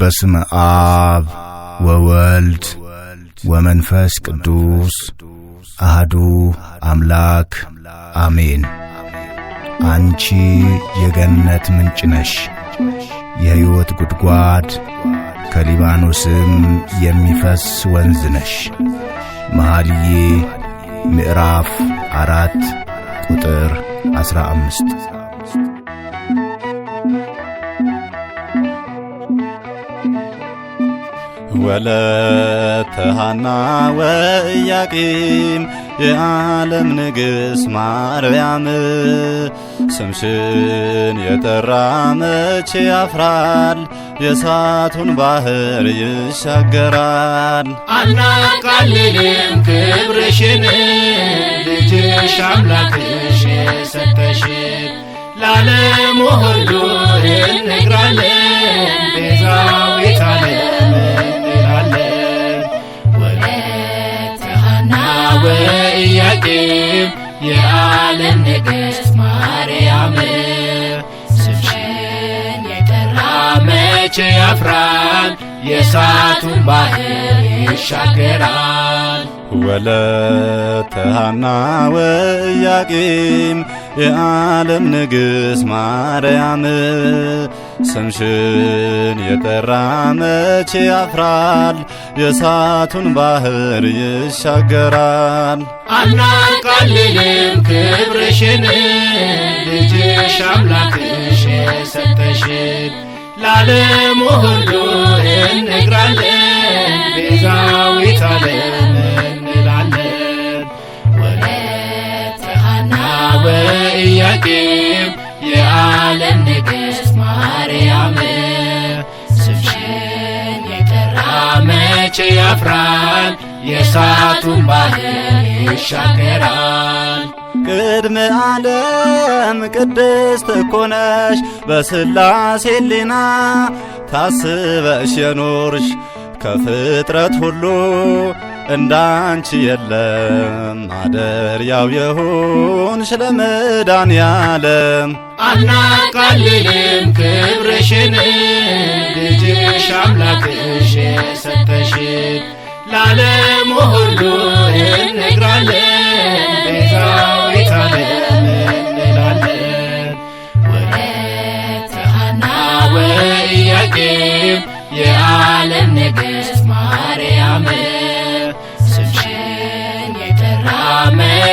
በስመ አብ ወወልድ ወመንፈስ ቅዱስ አህዱ አምላክ አሜን። አንቺ የገነት ምንጭ ነሽ፣ የሕይወት ጉድጓድ ከሊባኖስም የሚፈስ ወንዝ ነሽ። መኃልየ ምዕራፍ አራት ቁጥር ዐሥራ አምስት ወለተ ሐና ወኢያቄም የዓለም ንግሥት ማርያም ስምሽን የጠራ መቼ ያፍራል? የእሳቱን ባህር ይሻገራል። አናቃልልም ክብርሽን ልጅሽ አምላክሽ የሰጠሽን ለዓለሙ የዓለም ንግሥት ማርያም ስምሽን የጠራ መቼ ያፍራል? የእሳቱን ባህር ይሻገራል። ወለተ ሐና ወኢያቄም የዓለም ንግሥት ማርያም ስምሽን የጠራ መቼ ያፍራል? የእሳቱን ባህር ይሻገራል። አናቃልልም ክብርሽን ልጅሽ አምላክሽ የሰጠሽን ለዓለሙ ሁሉ እንግራለን ቤዛዊት ዓለም እንላለን ወለተ ሐና ወኢያቄም የዓለም ንግሥት ማርያም ስምሽን የጠራ መቼ ያፍራል? የእሳቱን ባህር ይሻገራል። ቅድመ ዓለም ቅድስት እኮ ነሽ በሥላሴ ሕሊና ታስበሽ የኖርሽ ከፍጥረት ሁሉ እንዳንቺ የለም ማደሪያው ስለ መዳን ያለም አናቃልልም ክብርሽን ልጅሽ አምላክሽ ሰተሽ ላለሙ ሁሉ እንግራለን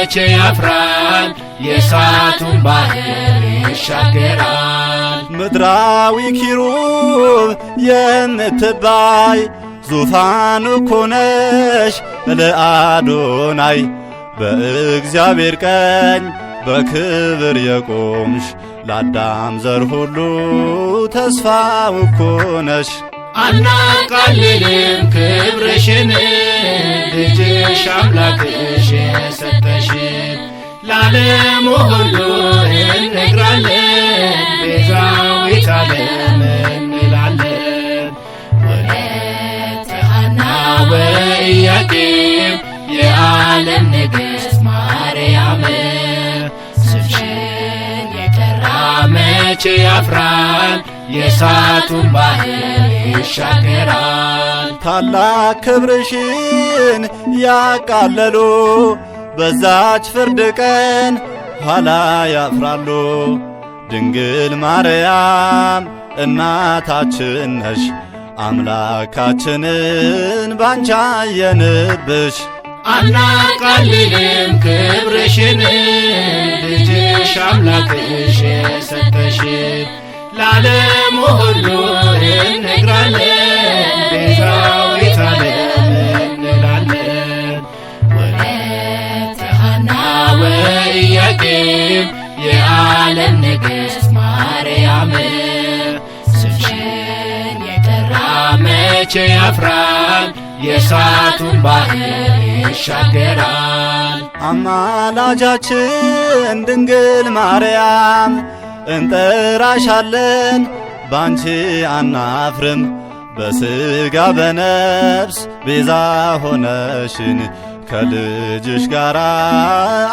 መቼ ያፍራል? የእሳቱን ባህር ይሻገራል። ምድራዊ ኪሩብ የምትባይ ዙፋን እኮ ነሽ ለአዶናይ በእግዚአብሔር ቀኝ በክብር የቆምሽ ለአዳም ዘር ሁሉ ተስፋ እኮ ነሽ። አናቃልልም ክብርሽን ልጅሽ አምላክሽ የሰጠሽን ላለሙ ሁሉ እንግራለን ቤዛዊት ዓለም እንላለን። ወለተ ሐና ወኢያቄም የዓለም ንግሥት ማርያም ስምሽን የጠራ መቼ ያፍራል የእሳቱን ባህር ይሻገራል። ታላቅ ክብርሽን ያቃለሉ በዛች ፍርድ ቀን ኋላ ያፍራሉ። ድንግል ማርያም እናታችን ነሽ፣ አምላካችንን ባንቻ የንብሽ አናቃልልም ክብርሽን ልጅሽ አምላክሽ የሰጠሽ ለዓለሙ ሁሉ እንነግራለን ቤዛዊተ ዓለም እንላለን። ወለተ ሐና የዓለም ንግሥት ማርያም ስምሽን የጠራ መቼ ያፍራል የእሳቱን ባህር ይሻገራል። አማላጃችን ድንግል ማርያም እንጠራሻለን ባንቺ አናፍርም በስጋ በነፍስ ቤዛ ሆነሽን ከልጅሽ ጋር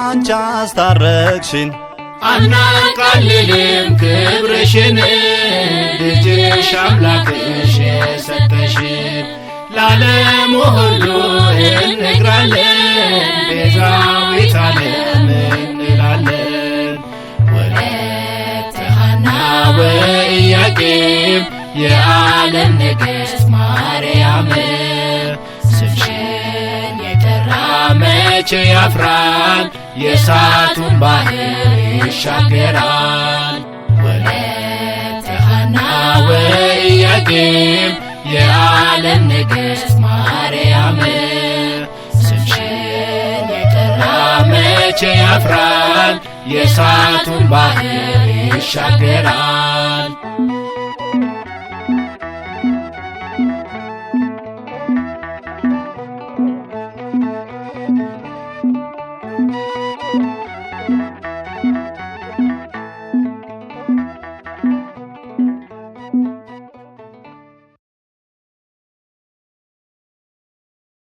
አንቺ አስታረቅሽን። አናቃልልም ክብርሽን ልጅሽ አምላክሽ ሰጠሽን። ለዓለሙ ሁሉ እንግራለን ቤዛዊት የዓለም ንግሥት ማርያም ስምሽን የጠራ መቼ ያፍራል? የእሳቱን ባህር ይሻገራል። ወለተ ሐና ወኢያቄም የዓለም ንግሥት ማርያም ስምሽን የጠራ መቼ ያፍራል? የእሳቱን ባህር ይሻገራል።